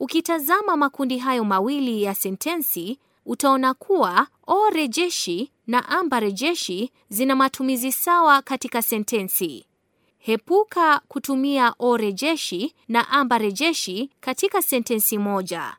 Ukitazama makundi hayo mawili ya sentensi, utaona kuwa o rejeshi na amba rejeshi zina matumizi sawa katika sentensi. Hepuka kutumia o rejeshi na amba rejeshi katika sentensi moja.